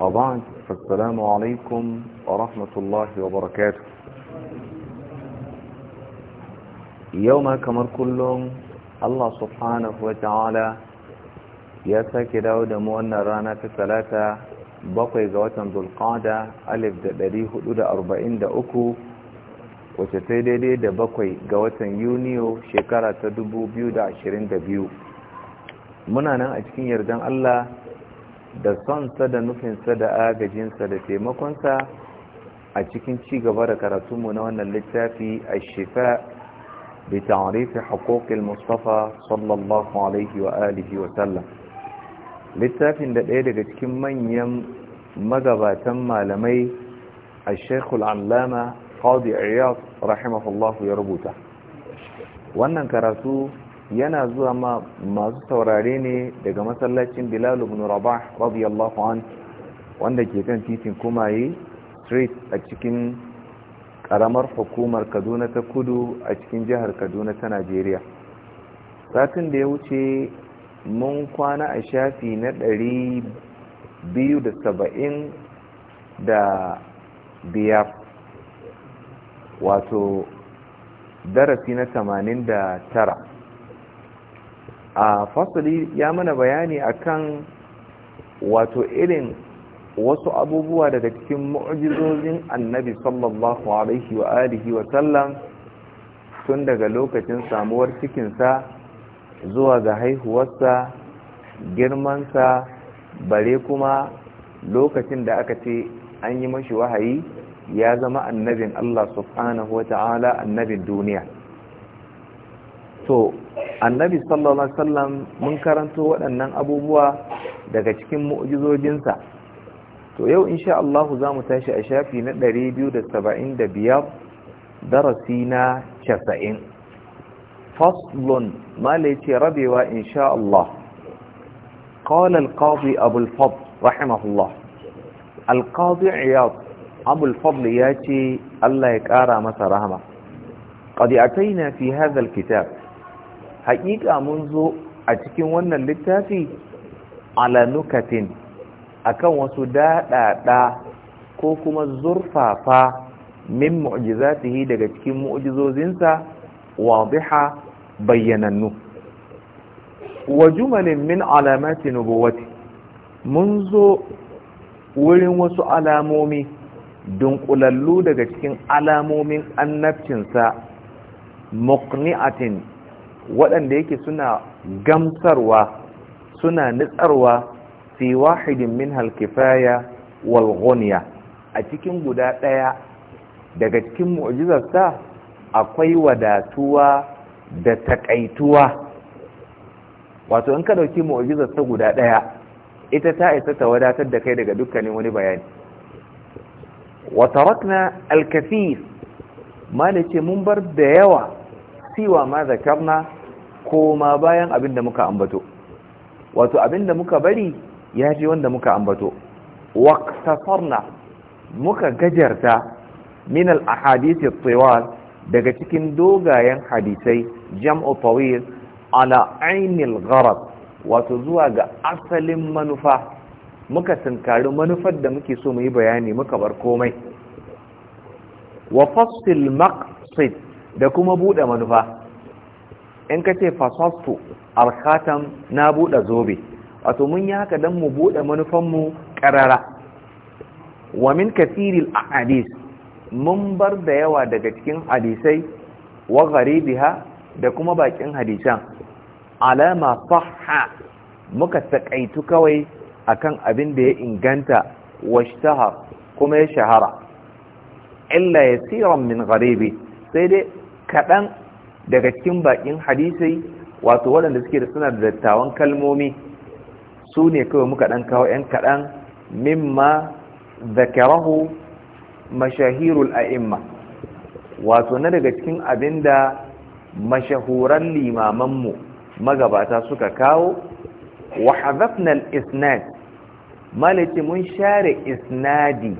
وبعد فالسلام عليكم ورحمة الله وبركاته يوم كمر كلهم ya sake dawo da mu wannan rana ta talata bakwai ga watan zulkada alif da ɗari hudu da arba'in da uku wace sai daidai da bakwai ga watan yuniyo shekara ta dubu biyu da ashirin da biyu muna nan a cikin yardan allah da sonsa da nufinsa da agajinsa da taimakonsa a cikin ci gaba da mu na wannan littafi a shifa da ta'arifi haƙoƙin mustafa sallallahu alaihi wa alihi wa sallam littafin da ɗaya daga cikin manyan magabatan malamai a shekul allama qadi iyas rahimahullahu ya rubuta wannan karatu yana zuwa ma masu saurare ne daga masallacin bilal ibn rabah radiyallahu an wanda ke kan titin kumaye street a cikin karamar hukumar kaduna ta kudu a cikin jihar kaduna ta najeriya satin da ya wuce mun kwana a shafi na ɗari biyu da saba'in da biyar wato darasi na tamanin da tara a fasali ya mana bayani akan wato irin wasu abubuwa daga cikin mu'jizozin annabi sallallahu alaihi wa alihi wa sallam tun daga lokacin samuwar cikinsa zuwa ga haihuwarsa girmansa bare kuma lokacin da aka ce an yi mashi wahayi ya zama annabin Allah subhanahu wa ta'ala annabin duniya to annabi sallallahu alaihi wasallam mun karanto waɗannan abubuwa daga cikin mu'jizojinsa to yau insha Allah za mu tashi a shafi na 275 darasi na 90 faslun malaci rabewa insha Allah قال القاضي أبو الفضل رحمه الله القاضي عياض أبو Allah ya ƙara masa مسا رحمه قد أتينا في هذا الكتاب haƙiƙa mun zo a cikin wannan littafi ala nukatin akan wasu daɗaɗa ko kuma zurfafa min mu'jizatihi daga cikin mu'jizozinsa wadiha bayyanannu wa jumalin min alamati nubuwati mun zo wurin wasu alamomi dunkulallu daga cikin alamomin annabcinsa muqni'atin waɗanda yake suna gamsarwa suna nitsarwa fi wahidin min halkifaya wal a cikin guda ɗaya daga cikin mu'jizarsa akwai wadatuwa da takaituwa wato in ka ɗauki mu'jizarsa guda ɗaya ita ta isa ta wadatar da kai daga dukkanin wani bayani Wata rakna alkafis ma da ce mun bar da yawa siwa ma zakarna koma bayan abinda muka ambato wato abinda muka bari ya ce wanda muka ambato waqtasarna muka gajarta min al-ahadith at daga cikin dogayen hadisai jam'u tawil ala ainil gharad wato zuwa ga asalin manufa muka tunkari manufar da muke so mu yi bayani muka bar komai wa fassil maqsid da kuma bude manufa in ka ce fasastu alkhatam na buɗe zobe wato mun yi haka don mu buɗe manufanmu ƙarara wa min kasiril hadis mun bar da yawa daga cikin hadisai wa gharibiha da kuma bakin hadisan alama sahha muka takaitu kawai akan abin da ya inganta washtaha kuma ya shahara illa yasiran min gharibi sai dai kaɗan daga cikin bakin hadisai wato waɗanda suke da suna da dattawan kalmomi su ne kawai muka ɗan kawo 'yan kaɗan mimma zakarahu mashahirul a'imma wato na daga cikin abin da mashahuran limamanmu magabata suka kawo wa hazafnal isnad malaki mun share isnadi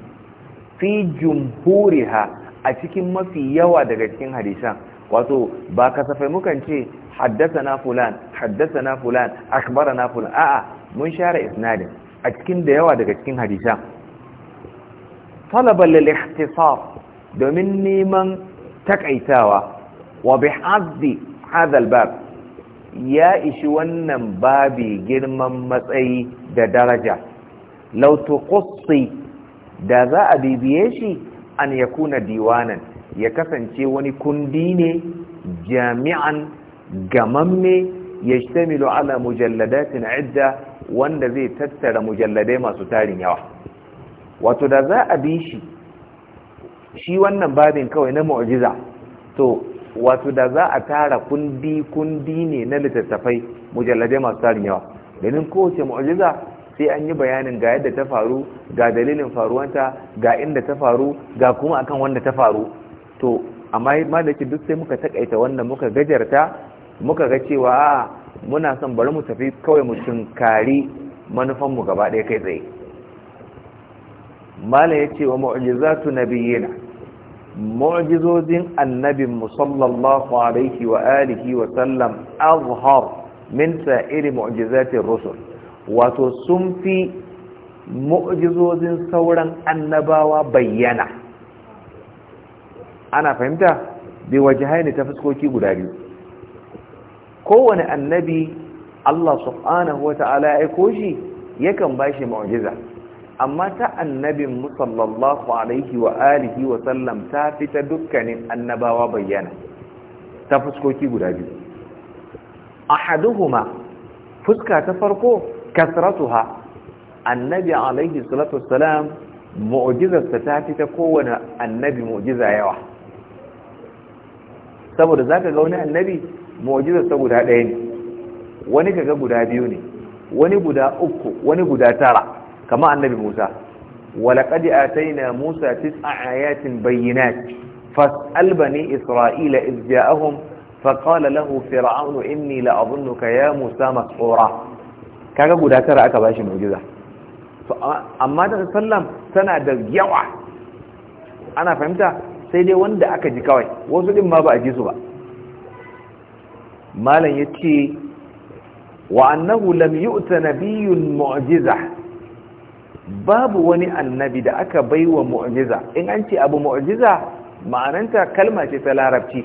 fi jumhuriha a cikin mafi yawa daga cikin hadisan wato ba kasafai mukan ce haddasa fulan haddasa na fulan akbara na fulan a'a mun share isnadin a cikin da yawa daga cikin hadisa talaba lil ihtisar domin neman takaitawa wa bi hazzi hadha al bab ya ishi wannan babi girman matsayi da daraja law tuqassi da za a bibiye shi an yakuna diwanan ya kasance wani kundi ne jami'an gamamme ya shtamilu ala mujalladatin idda wanda zai tattara mujalladai masu tarin yawa wato da za a bi shi shi wannan babin kawai na mu'jiza to wato da za a tara kundi kundi ne na littattafai mujalladai masu tarin yawa domin kowace mu'jiza sai an yi bayanin ga yadda ta faru ga dalilin faruwanta ga inda ta faru ga kuma akan wanda ta faru to amma malaki duk sai muka takaita wannan muka gajarta muka ga cewa muna son bari mu tafi kawai mu tunkari manufanmu gaba ɗaya kai tsaye malam ya ce wa mu'jizatu nabiyyina mu'jizozin annabin mu sallallahu alaihi wa alihi wa sallam azhar min sa'iri mu'jizatir rusul wato sun fi mu'jizozin sauran annabawa bayyana ana fahimta bai waje haini ta fuskoki guda biyu kowane annabi Allah subhanahu wata'ala ya aiko shi yakan ba shi mu'jiza amma ta annabin musallallahu alaihi wa alihi wa sallam ta fita dukkanin annabawa bayyana ta fuskoki guda biyu A haduhuma fuska ta farko kasratuha annabi alaihi salatu wassalam mu'jizarsa ta fita kowane annabi mu'jiza yawa saboda zaka ga wani annabi mu'jiza guda ɗaya ne wani ga guda biyu ne wani guda uku wani guda tara kama annabi Musa walaqad ataina Musa a ayatin bayyana. fas'al bani isra'ila iz ja'ahum faqala lahu fir'aunu inni la'adhunnuka ya Musa mas'ura kaga guda tara aka bashi mu'jiza amma ta sallam tana da yawa ana fahimta sai dai wanda aka ji kawai wasu din ma ba a ji su ba malam ya ce wa annahu lam yu'ta nabiyyun mu'jiza babu wani annabi da aka baiwa mu'jiza in an ce abu mu'jiza ma'ananta kalma ce ta larabci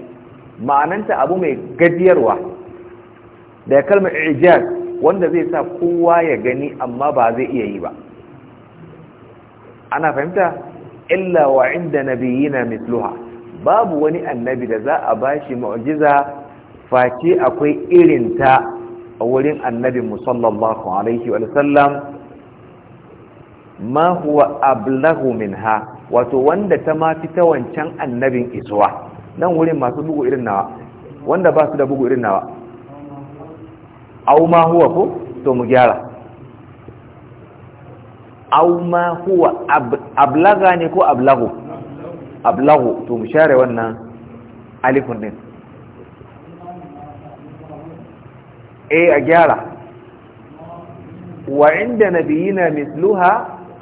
ma'ananta abu mai gajiyarwa da kalmar ijaz wanda zai sa kowa ya gani amma ba zai iya yi ba ana fahimta illa wa inda nabiyina mithluha babu wani annabi da za a bashi mu'jiza face akwai irin ta a wurin annabi musallallahu alaihi wa sallam ma huwa ablahu minha wato wanda ta ma fi ta wancan annabin isuwa nan wurin masu bugu irin nawa wanda ba su da bugu irin nawa au ma huwa ko to mu gyara aw ma huwa ablaga ne ko ablagu ablagu to mu share wannan alifun din eh a gyara wa inda nabiyina misluha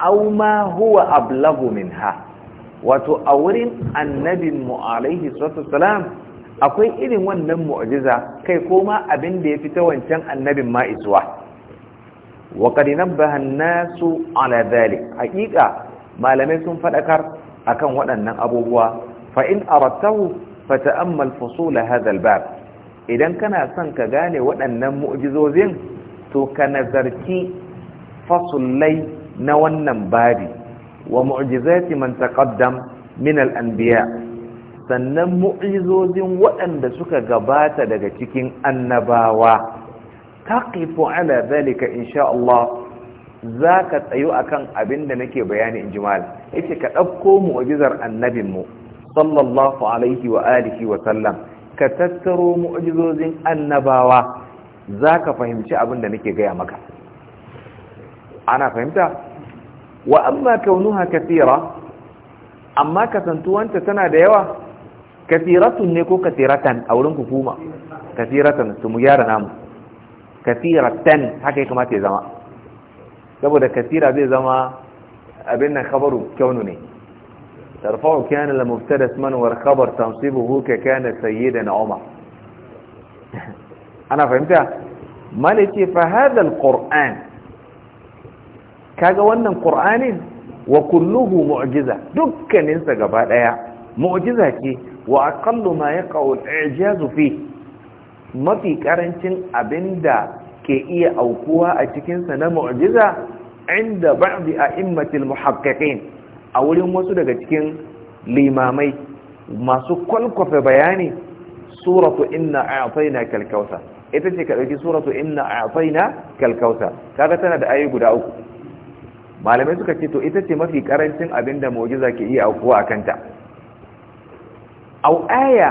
aw ma huwa ablagu minha wato a wurin annabin mu alaihi salatu wassalam akwai irin wannan mu'jiza kai koma abin da ya fita wancan annabin ma isuwa wa qad nabbaha nasu ala dhalik haqiqa malamai sun fadakar akan waɗannan abubuwa fa in aratahu fata'ammal fusul hadha al idan kana son ka gane waɗannan mu'jizozin to ka nazarci fasulai na wannan babi wa mu'jizati man taqaddam min al-anbiya sannan mu'jizozin waɗanda suka gabata daga cikin annabawa taqifu ala zalika insha Allah zaka tsayu akan abin da nake bayani in jimal yace ka dauko mu'jizar annabinmu? sallallahu alaihi wa alihi wa sallam ka tattaro mu'jizozin annabawa zaka fahimci abin da nake gaya maka ana fahimta wa amma kaunuha kathira amma kasantuwanta tana da yawa kathiratun ne ko kathiratan a wurin hukuma kathiratan su mu gyara namu kathiratan haka ya kamata ya zama saboda kathira zai zama abin nan khabaru kyaunu ne ترفع كان لمبتدا اسما والخبر تنصيبه ككان سيدنا عمر انا فهمتها مالكي فهذا القران kaga wannan qur'anin wa kulluhu mu'jiza dukkanin sa gaba daya mu'jiza ce wa aqallu ma yaqa'u al-i'jaz fi mafi karancin abinda ke iya aukuwa a cikinsa na mu'jiza inda ba'di a'immatil muhaqqiqin a wurin wasu daga cikin limamai masu kwalkwafe bayani suratu inna a'tayna kalkausa ita ce ka dauki suratu inna a'tayna kalkausa kaga tana da ayi guda uku malamai suka ce to ita ce mafi karancin abinda mu'jiza ke iya aukuwa a kanta. aya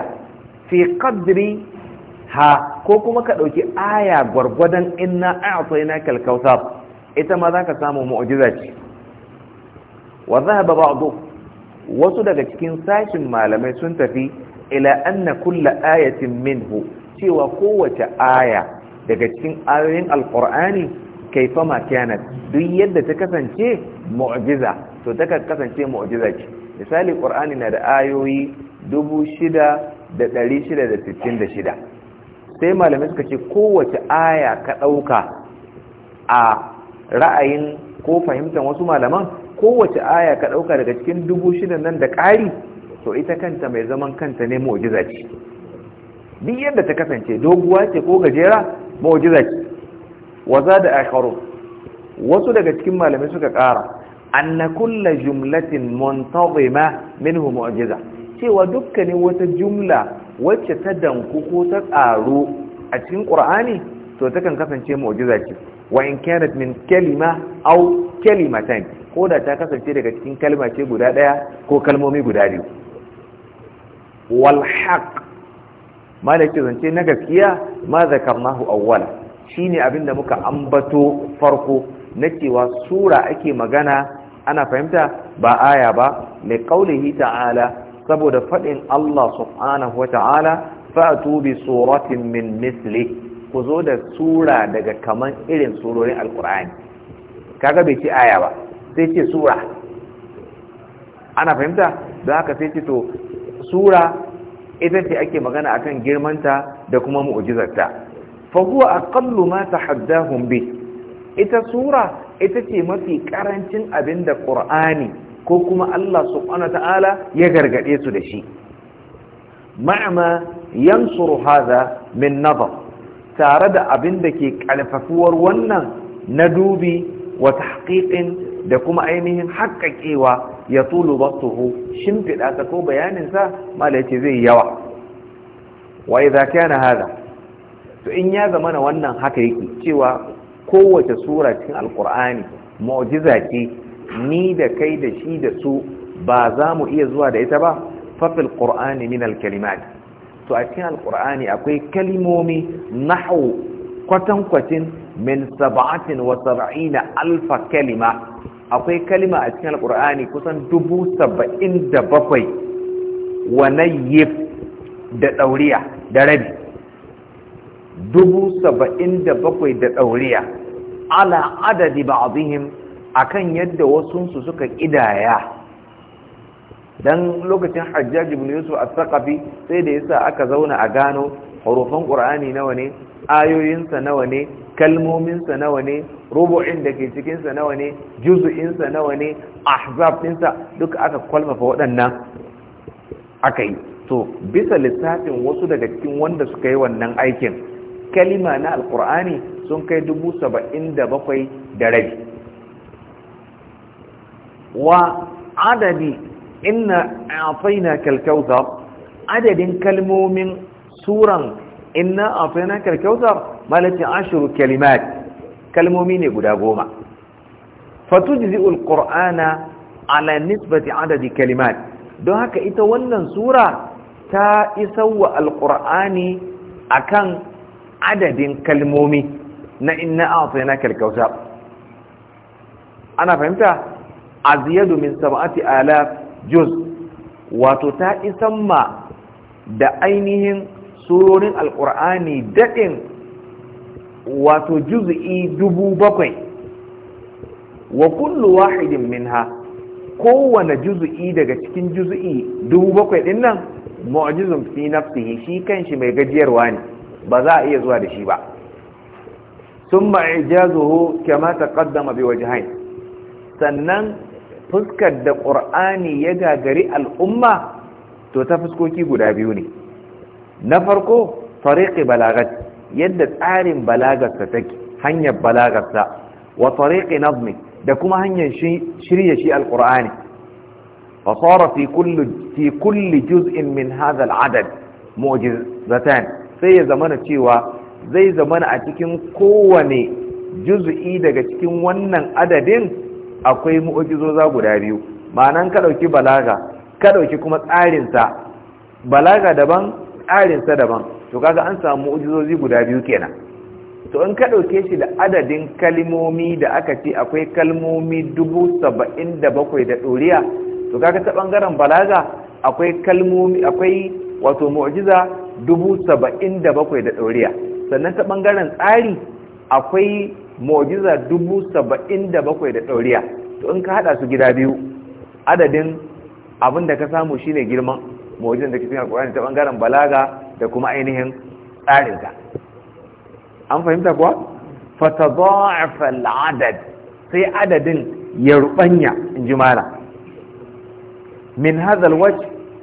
fi qadri ha ko kuma ka ɗauki aya gwargwadon inna a'tayna kal kautsar ita ma ka samu mu'jiza ce wa dhahaba ba'du wasu daga cikin sashin malamai sun tafi ila anna kulla ayatin minhu cewa kowace aya daga cikin ayoyin Alƙur'ani kaifama kanat duk yadda ta kasance mu'jiza to ta kasance mu'jiza ce misali ƙur'ani na da ayoyi shida. sai malamai suka ce kowace aya ka ɗauka a ra'ayin ko fahimtar wasu malaman kowace aya ka ɗauka daga cikin dubu shidan nan da ƙari to ita kanta mai zaman kanta ne ma'ujiza ce duk yadda ta kasance doguwa ce ko gajera ma'ujiza ce waza da akharu wasu daga cikin malamai suka ƙara anna kulla jumlatin muntazima minhu mu'jiza cewa dukkanin wata jumla wacce ta danku ko ta tsaro a cikin qur'ani to takan kasance ma'ujiza ce wa in kanat min kalima aw ta ko da ta kasance daga cikin kalma ce guda ɗaya ko kalmomi guda biyu Walhak, da ke zance na gaskiya ma zakarnahu awwala shine abinda muka ambato farko na cewa sura ake magana ana fahimta ba aya ba mai qaulihi ta'ala saboda faɗin Allah subhanahu wata'ala fa'atu bi suratin min misli ku zo da sura daga kaman irin surorin alkur'ani kaga bai ce aya ba sai ce sura ana fahimta da haka sai ce to sura ita ce ake magana akan girmanta da kuma mu'jizarta Fahuwa a aqallu ma tahaddahum bi ita sura ita ce mafi karancin abinda ƙur'ani. ko kuma Allah subhanahu ta'ala ya gargade su da shi ma'ama yansuru hadha min nazar tare da abin da ke kalfafuwar wannan na dubi wa tahqiqin da kuma ainihin haƙaƙewa ya tulu batuhu shimfiɗa ta ko bayaninsa mala yace zai yawa wa idza kana hadha to in ya zama na wannan haka yake cewa kowace sura cikin alqur'ani mu'jiza ce ni da kai da shi da su ba za mu iya zuwa da ita ba fafil qur'ani min al-kalimat to a cikin al akwai kalimomi nahwu kwatankwacin min sab'atin wa sab'ina alfa kalima akwai kalima a cikin alkur'ani kusan dubu saba'in da bakwai wa nayyif da ɗauriya da rabi dubu saba'in da bakwai da ɗauriya ala adadi abin. akan yadda wasunsu suka kidaya don lokacin hajjaji bin yusuf a sakafi sai da yasa aka zauna a gano harufan qur'ani nawa ne ayoyinsa nawa ne kalmominsa nawa ne rubu'in da ke cikinsa nawa ne juzu'insa nawa ne ahzabinsa duka aka kwalmafa waɗannan aka yi to bisa lissafin wasu daga cikin wanda suka yi wannan aikin kalima na alƙur'ani sun kai dubu saba'in da bakwai da rabi وعدد إن أعطيناك الكوثر عدد كلموم سورا إن أعطيناك الكوثر مالتي عشر كلمات كلمومين قدابوما فتجزئ القرآن على نسبة عدد كلمات دوهك إتولن سورة ta isawa alƙur'ani a kan adadin kalmomi na inna a na kalkauta ana fahimta aziyadu min sab'ati alaf juz wato ta isan ma da ainihin surorin alkur'ani daɗin wato juz'i dubu bakwai wa kullu wahidin minha kowane juz'i daga cikin juz'i dubu bakwai din nan mu'jizun fi nafsihi shi kanshi mai gajiyarwa ne ba za a iya zuwa da shi ba sun ijazuhu kama taqaddama bi wajhayn sannan fuskar da ƙur'ani ya gagari al'umma to ta fuskoki guda biyu ne na farko tariqi balagat yadda tsarin balagarsa take hanyar balagarsa wa tariqi nazmi da kuma hanyar shirya shi alqur'ani fa sara fi kulli juz'in min hazal adad mu'jizatan sai ya zamana cewa zai zamana a cikin kowane juz'i daga cikin wannan adadin akwai mu'ujizoza guda biyu ma'anan ka dauki balaga ka dauki kuma tsarinsa balaga daban sa daban to kaga an samu mu'ujizozi guda biyu kenan to in ka dauke shi da adadin kalmomi da aka ce akwai kalmomi dubu saba'in da bakwai da ɗoriya to kaga ta ɓangaren balaga akwai kalmomi akwai wato mu'ujiza dubu saba'in da bakwai da ɗoriya sannan ta ɓangaren tsari akwai mojiza dubu saba'in da bakwai da ɗauriya to in ka haɗa su gida biyu adadin abin da ka samu shine girman mojizan da ke cikin alkur'ani ta bangaren balaga da kuma ainihin tsarinka an fahimta kuwa za'afal adad sai adadin ya rubanya in ji mala min hazal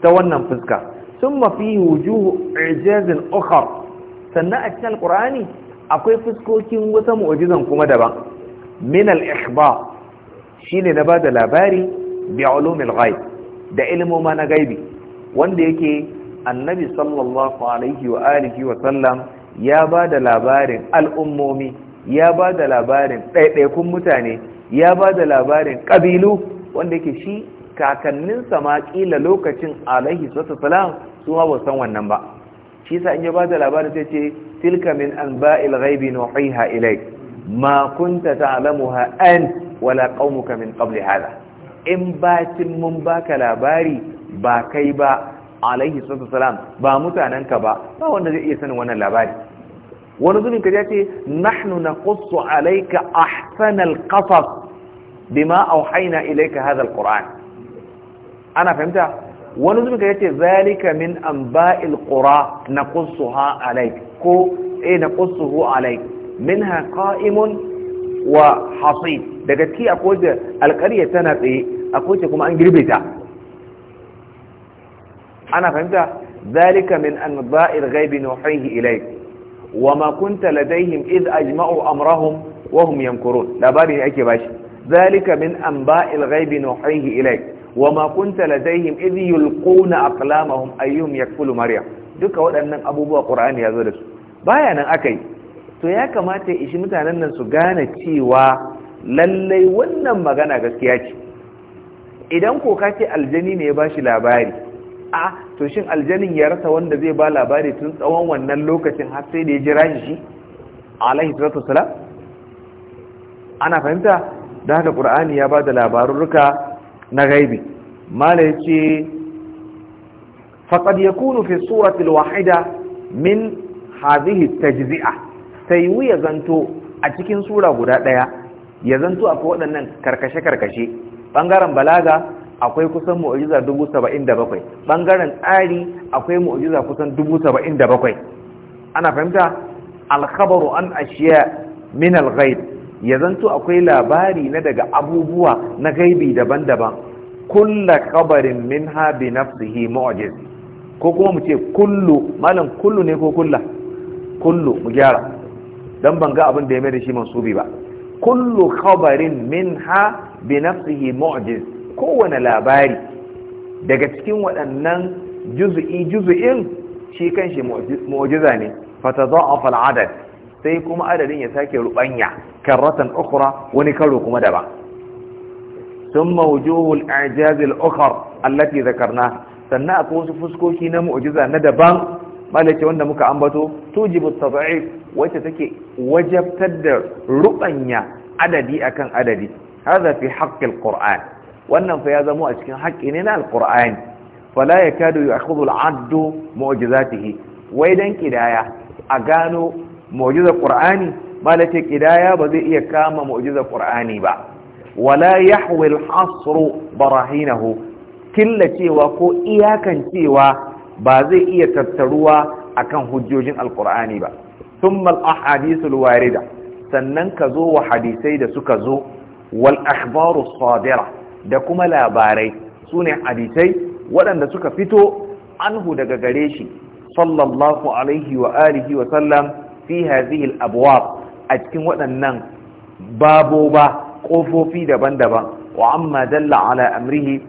ta wannan fuska sun mafi wujuhu a i'jaz ukhra sannan a cikin alkur'ani akwai fuskokin wata mu'jizan kuma daban min al ikhba shine na bada labari bi ulumil ghaib da ma na gaibi wanda yake annabi sallallahu alaihi wa alihi wa sallam ya bada labarin al'ummomi ya bada labarin ɗaiɗaikun mutane ya bada labarin ƙabilu wanda yake shi kakanninsa ma ƙila lokacin alaihi sallallahu alaihi wa sallam su ma ba san wannan ba shi sa in ya bada labarin sai ce tilka min anba'il ghaibi nuhiha ilai ma kunta ta'lamuha an wala qaumuka min ƙabli hadha in bacin mun baka labari ba kai ba alaihi sallallahu salam ba mutanenka ba ba wanda zai iya sanin wannan labari wani zubin ka ce nahnu naqussu alayka ahsanal qasas bima auhaina ilaika hadal alquran ana fahimta wani zubi ya ce zalika min anba'il qura ha alai ko eh, hu alai alayk ha qa'imun wa hasid daga ciki akwai da alƙarya tana tsaye akwai ce kuma an girbe ta ana fahimta zalika min anba'il ghaibi nuhihi ilayk wama kunta ladaihim id ajma'u amrahum wa hum yankurun labari ne ake bashi zalika min anba'il ghaibi nuhihi ilai. wa ma kunta ladaihim idh yulquna aqlamahum ayyum yakulu maryam duka waɗannan abubuwa qur'ani ya zo da su baya nan akai to ya kamata ya ishi mutanen nan su gane cewa lallai wannan magana gaskiya ce idan ko ka ce aljani ne ya bashi labari a to shin aljanin ya rasa wanda zai ba labari tun tsawon wannan lokacin har sai da ya jira shi alaihi salatu wasalam ana fahimta da haka qur'ani ya ba da labarurruka na gaibi mala yace faqad yakunu fi surati alwahida min hadhihi tajzi'a sai ya zanto a cikin sura guda daya ya zanto akwai waɗannan karkashe karkashe bangaren balaga akwai kusan mu'jiza 77 bangaren tsari akwai mu'jiza kusan 77 ana fahimta alkhabaru an ashiya min alghaib ya zanto akwai labari na daga abubuwa na gaibi daban-daban kulla kabarin min ha bi nafsihi mu'jiz ko kuma mu ce kullu malam kullu ne ko kulla kullu mu gyara dan banga abin da ya mai da shi mansubi ba kullu khabarin ha bi nafsihi mu'jiz kowane labari daga cikin waɗannan juzu'i juzu'in shi kanshi mu'jiza ne fatadha'afa al'adad sai kuma adadin ya sake rubanya karratan ukhra wani karo kuma daban thumma wujuhul i'jaz al-ukhar allati dhakarna sannan akwai wasu fuskoki na mu'jiza na daban malace wanda muka ambato tujibu tad'if wacce take wajabtar da rubanya adadi akan adadi hadha fi haqqi al-qur'an wannan fa ya zamo a cikin haƙƙi ne na al-qur'ani fala yakadu ya'khudhu al-'addu mu'jizatihi wai dan kidaya a gano mu'jizar qur'ani malaka kidaya ba zai iya kama mu'jizar qur'ani ba wala yahwil al barahinahu killacewa ko iyakancewa ba zai iya tattaruwa akan hujjojin alqur'ani ba thumma al-ahadithu warida sannan ka zo wa hadisai da suka zo wal akhbaru sadira da kuma labarai sune hadisai waɗanda suka fito anhu daga gare shi sallallahu alaihi wa alihi wa sallam fi hadhihi al-abwab a cikin waɗannan baboba ƙofofi daban-daban wa amma dalla ala amrihi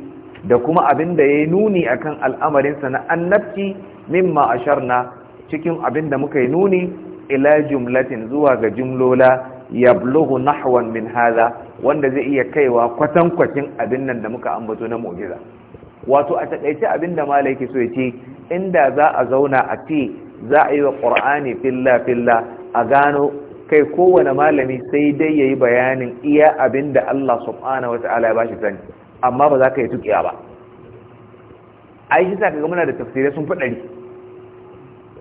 da kuma abin da ya nuni akan al'amarinsa na annabci mimma asharna cikin abin da muka yi nuni ila jumlatin zuwa ga jumlola yablughu nahwan min hadha wanda zai iya kaiwa kwatankwacin abin nan da muka ambato na mu'jiza wato a takaice abin da malai so ya ce inda za a zauna a ce za a yi wa ƙur'ani filla-filla a gano kai kowane malami sai dai ya yi bayanin iya abin da Allah subhanahu wa ta'ala ya ba shi sani amma ba za ka yi tukiya ba a yi shisa kaga muna da tafsirai sun faɗari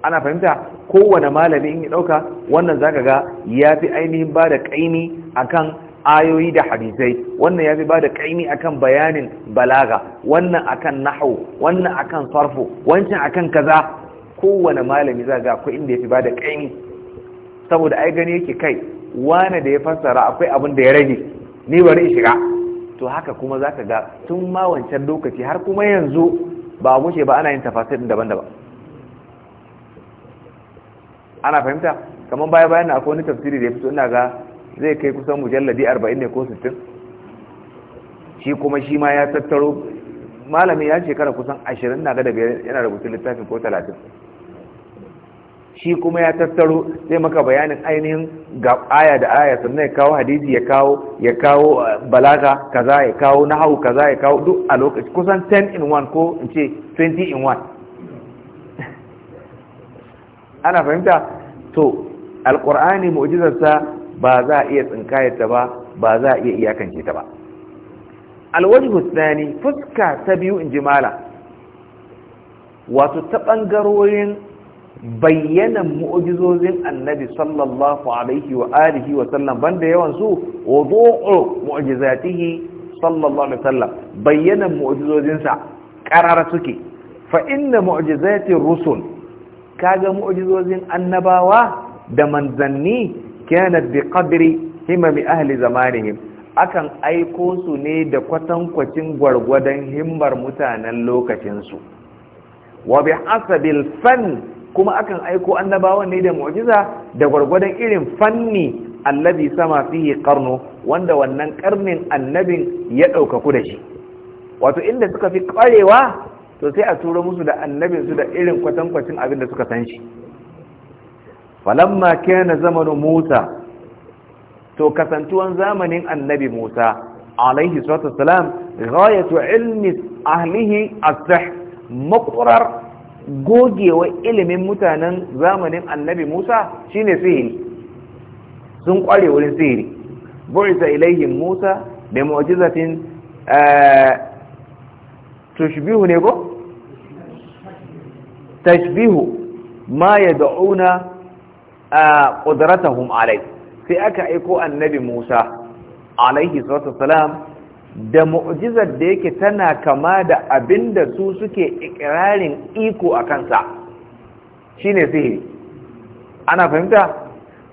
ana fahimta kowane malami in yi ɗauka wannan za ka ga ya fi ainihin ba da ƙaimi akan ayoyi da hadisai wannan ya fi ba da ƙaimi akan bayanin balaga wannan akan nahu wannan akan sarfo wancan akan kaza kowane malami za ga akwai inda ya fi ba da ƙaimi saboda ai gani yake kai wane da ya fassara akwai abin da ya rage ni bari in shiga to haka kuma za ka ga tun ma wancan lokaci har kuma yanzu ba a gushe ba ana yin tafasir daban-daban ana fahimta kamar baya bayan akwai wani tafsiri da ya fito ina ga zai kai kusan mujalladi 40 ne ko 60 shi kuma shi ma ya tattaro malamin ya shekara kusan 20 na ga da biyar yana rubutun littafin ko 30 shi kuma ya tattaro sai maka bayanin ainihin ga aya da aya sannan ya kawo hadisi ya kawo ya kawo uh, balaga kaza ya kawo nahawu kaza ya kawo duk a lokaci kusan 10 in 1 ko in ce 20 in 1 ana fahimta to alkur'ani mu'jizarsa ba za a iya tsinkayarta ba ba za a iya iyakance ta ba alwajhu tsani fuska ta biyu in mala. wato ta bangarorin bayyanan mu'jizozin annabi sallallahu alaihi wa alihi wa sallam banda yawan su wudu'u sallallahu alaihi wa sallam bayyanan mu'jizozin sa suke fa inna mu'jizatir rusul kaga mu'jizozin annabawa da manzanni kanat bi qadri himami ahli zamanihim akan aiko su ne da kwatankwacin gwargwadon himmar mutanen lokacinsu wa bi hasabil fan kuma akan aiko annabawan ne da mu'jiza da gwargwadon irin fanni allazi sama fihi qarnu wanda wannan karnin annabin ya ɗaukaku da shi wato inda suka fi kwarewa to sai a turo musu da annabin su da irin kwatankwacin abin da suka san shi falamma kana zamanu Musa to kasantuwan zamanin annabi Musa alaihi salatu wassalam ghayatu ilmi ahlihi as-sihr maqrar gogewa ilimin mutanen zamanin annabi musa shine sihiri sun kware wurin sihiri burisa ilaihim musa bi mu'jizatin eh, tushbihu ne ko tashbihu ma yad'una eh, qudratahum alai sai aka aiko annabi musa alaihi salatu wassalam da mu'jizar da yake tana kama da abinda su suke ikirarin iko a kansa shine sihiri ana fahimta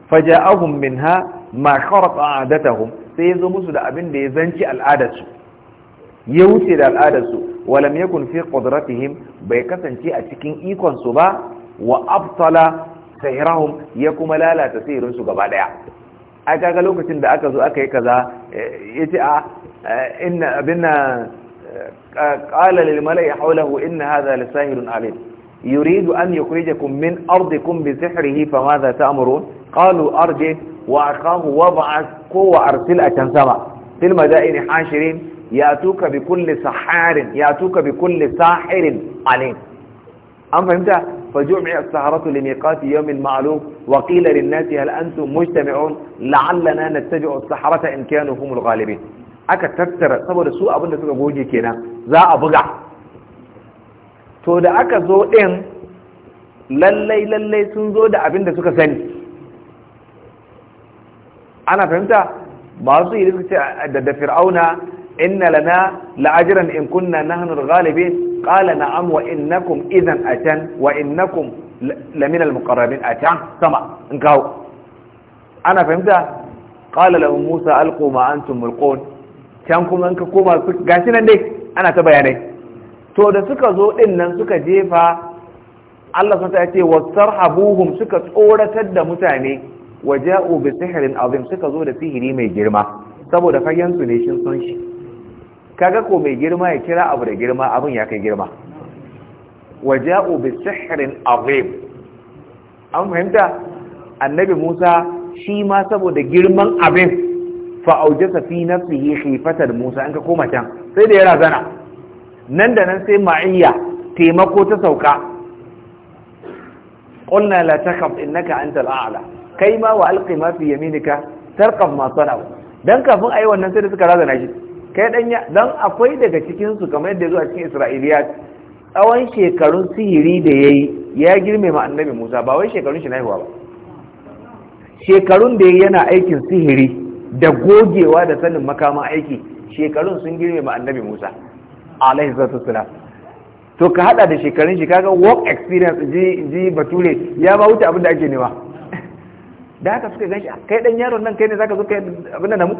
faja'ahum minha ma kharaqa adatahum sai yazo musu da abin da ya zanci al'adarsu ya wuce da al'adarsu walam ya kunfi ƙudratihim bai kasance a cikin ikon su ba wa abtala sayrahum ya kuma lalata sihirin su gaba ɗaya ai kaga lokacin da aka zo aka yi kaza yace a inna abinna qala lil mala'i hawlahu inna hadha lasahirun alim yuridu an yukhrijakum min ardikum bi sihrihi famadha ta'murun qalu arji wa wa ba'as ko wa arsil a can sama fil madaini hashirin yatuka bi kulli saharin yatuka bi kulli sahirin alim an fahimta فجمع السهرة لميقات يوم معلوم وقيل للناس هل أنتم مجتمعون لعلنا نتبع السحرة aka tattara saboda su abinda suka goge kenan za a buga to da aka zo ɗin lallai lallai sun zo da abinda suka sani ana fahimta masu yi da fir'auna inna lana la'ajiran in kunna nahnu galibi. ghalibin qala na'am wa innakum idhan atan wa innakum lamina al-muqarrabin atan sama in kawo ana fahimta qala lahum musa alqu ma antum mulqun can kuma in ka koma gashi nan dai ana ta bayanai to da suka zo din nan suka jefa Allah sun ta ce wasarhabuhum suka tsoratar da mutane waja'u bi sihrin azim suka zo da sihiri mai girma saboda fagen su ne shi sun shi kaga ko mai girma ya kira abu da girma abin ya kai girma waja'u bi sihrin azim an fahimta annabi Musa shi ma saboda girman abin fa aujasa fi nafsihi khifatar Musa an ka koma can sai da ya razana nan da nan sai ma'iyya taimako ta sauka qulna la takhaf innaka antal a'la kai ma wa alqi ma fi yaminika tarqaf ma sana'u dan kafin wannan sai da suka razana shi kai dan ya dan akwai daga cikin su kamar yadda zuwa cikin Isra'iliya tsawon shekarun sihiri da yayi ya girme ma annabi Musa ba wai shekarun shi na haihuwa ba shekarun da yana aikin sihiri da gogewa da sanin makaman aiki shekarun sun girme ma annabi Musa alaihi salatu wasalam to ka hada da shekarun shi kaga work experience ji ji bature ya ba wuce abin da ake nema da haka suka ganshi ah, kai dan yaron nan kai ne zaka zo kai abin da namu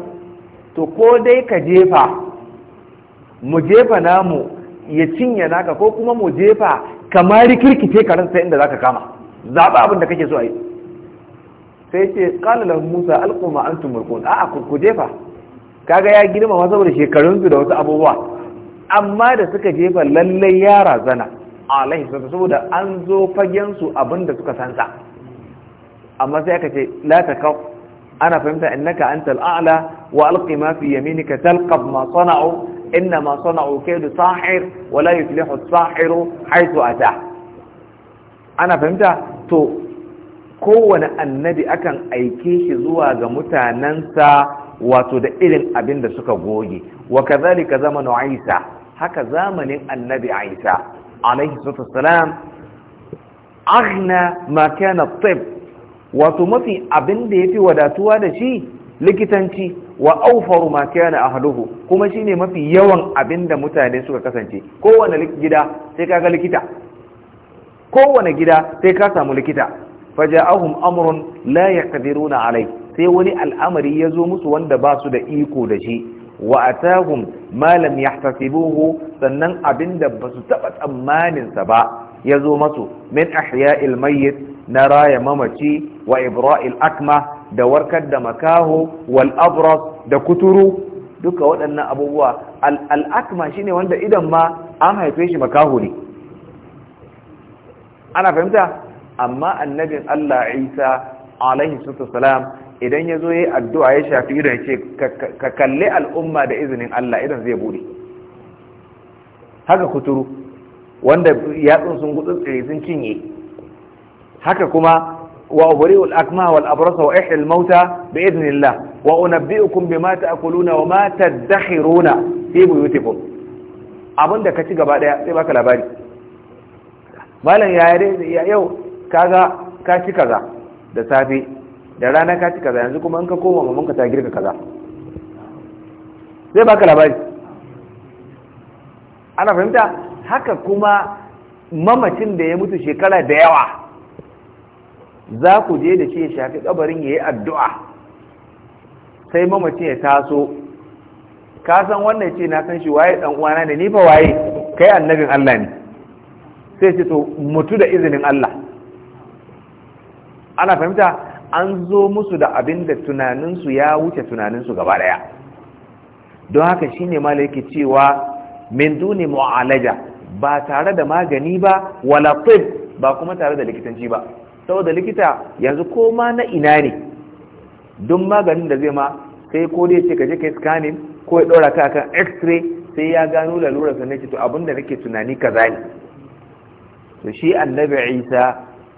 to ko dai ka jefa mu jefa namu ya cinye naka ko kuma mu jefa kamar ce karin sai inda zaka kama zaɓa abin da kake so a yi sai ce ƙalalar musa alƙuma an tumurkun a'a ku jefa kaga ya girmama saboda shekarunsu da wasu abubuwa amma da suka jefa lallai ya razana alaihi sassa saboda an zo fagensu su abinda suka sansa amma sai aka ce la أنا فهمت أنك أنت الأعلى وألق ما في يمينك تلقب ما صنعوا إنما صنعوا كيد ساحر ولا يفلح الساحر حيث أتى أنا فهمت تو كون النبي أكن أيكيش زوا جمتا ننسى وتدئل أبن دسك وكذلك زمن عيسى هكا زمن النبي عيسى عليه الصلاة والسلام أغنى ما كان الطب wato mafi abin da fi wadatuwa da shi likitanci wa aufaru ma kana ahaduhu kuma shine mafi yawan abin da mutane suka kasance kowane gida sai kaga likita kowane gida sai ka samu likita faja'ahum amrun la yaqdiruna alai sai wani al'amari ya zo musu wanda ba su da iko da shi wa atahum ma lam yahtasibuhu sannan abinda ba su taba tsammanin sa ba ya zo masu min ahya'il mayyit na raya mamaci wa ibra'il akma da warkar da makaho wal abras da kuturu duka waɗannan abubuwa al akma shine wanda idan ma an haife shi makaho ne ana fahimta amma annabin Allah Isa alaihi salam idan ya zo ya yi addu'a ya shafi idan ce ka kalli al'umma da izinin Allah idan zai bude haka kuturu wanda yatsun sun gudu sun cinye haka kuma wa ubri'ul akma wal abrasa wa al mauta bi idnillah wa unabbi'ukum bima ta'kuluna wa ma tadakhiruna fi buyutikum abinda ka ci gaba daya sai baka labari malam ya yau kaga ka ci kaza da safe da rana ka ci kaza yanzu kuma in ka koma mamanka ta girka kaza Sai baka labari ana fahimta haka kuma mamacin da ya mutu shekara da yawa za ku je da shi ya shafi kabarin ya yi addu'a sai mamacin ya taso ka san wannan ce na san shi waye ɗan uwana ne ni waye kai annabin Allah ne sai ce to mutu da izinin Allah ana fahimta an zo musu da abin da tunaninsu ya wuce tunaninsu gaba daya don haka shine ne malaki cewa min duni mu'alaja ba tare da magani ba wala ba kuma tare da likitanci ba saboda likita yanzu koma na ina ne don maganin da zai ma sai ko dai ce ka je yi scanning ko ya ɗora ka kan x-ray sai ya gano lalurar sannan ce to abinda nake tunani ka ne to shi annabi isa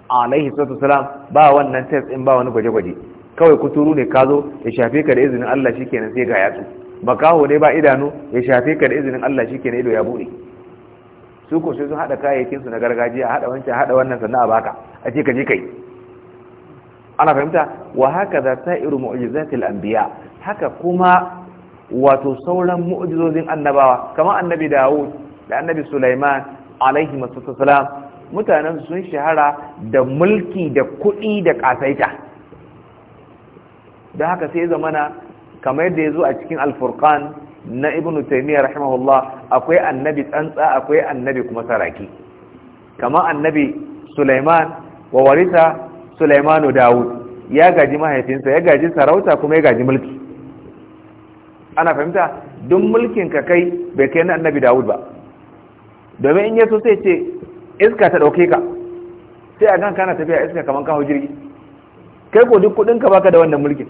alaihi salatu salam ba wannan test in ba wani gwaje-gwaje kawai kuturu ne ka zo ya shafe ka da izinin Allah shikenan sai ga yatsu makaho dai ba idanu ya shafe ka da izinin Allah shikenan ido ya bude su ko sai sun hada kayayyakin su na gargajiya hada wancan hada wannan sannan a baka a ce ka je kai ana fahimta wa hakaza sa'iru mu'jizatil anbiya haka kuma wato sauran mu'jizozin annabawa kamar annabi Dawud da annabi Sulaiman alaihi wassalam mutanen sun shahara da mulki da kuɗi da ƙasaita don haka sai zamana kamar yadda ya zo a cikin alfurkan na ibnu taymiya rahimahullah akwai annabi tsantsa akwai annabi kuma saraki kama annabi sulaiman wa warisa sulaimanu Da'ud ya gaji mahaifinsa ya gaji sarauta kuma ya gaji mulki ana fahimta duk mulkin ka kai bai kai na annabi Da'ud ba domin in yaso sai ce iska ta dauke ka sai a ganka kana tafiya iska kaman kawo jirgi kai ko duk kudin ka baka da wannan mulkin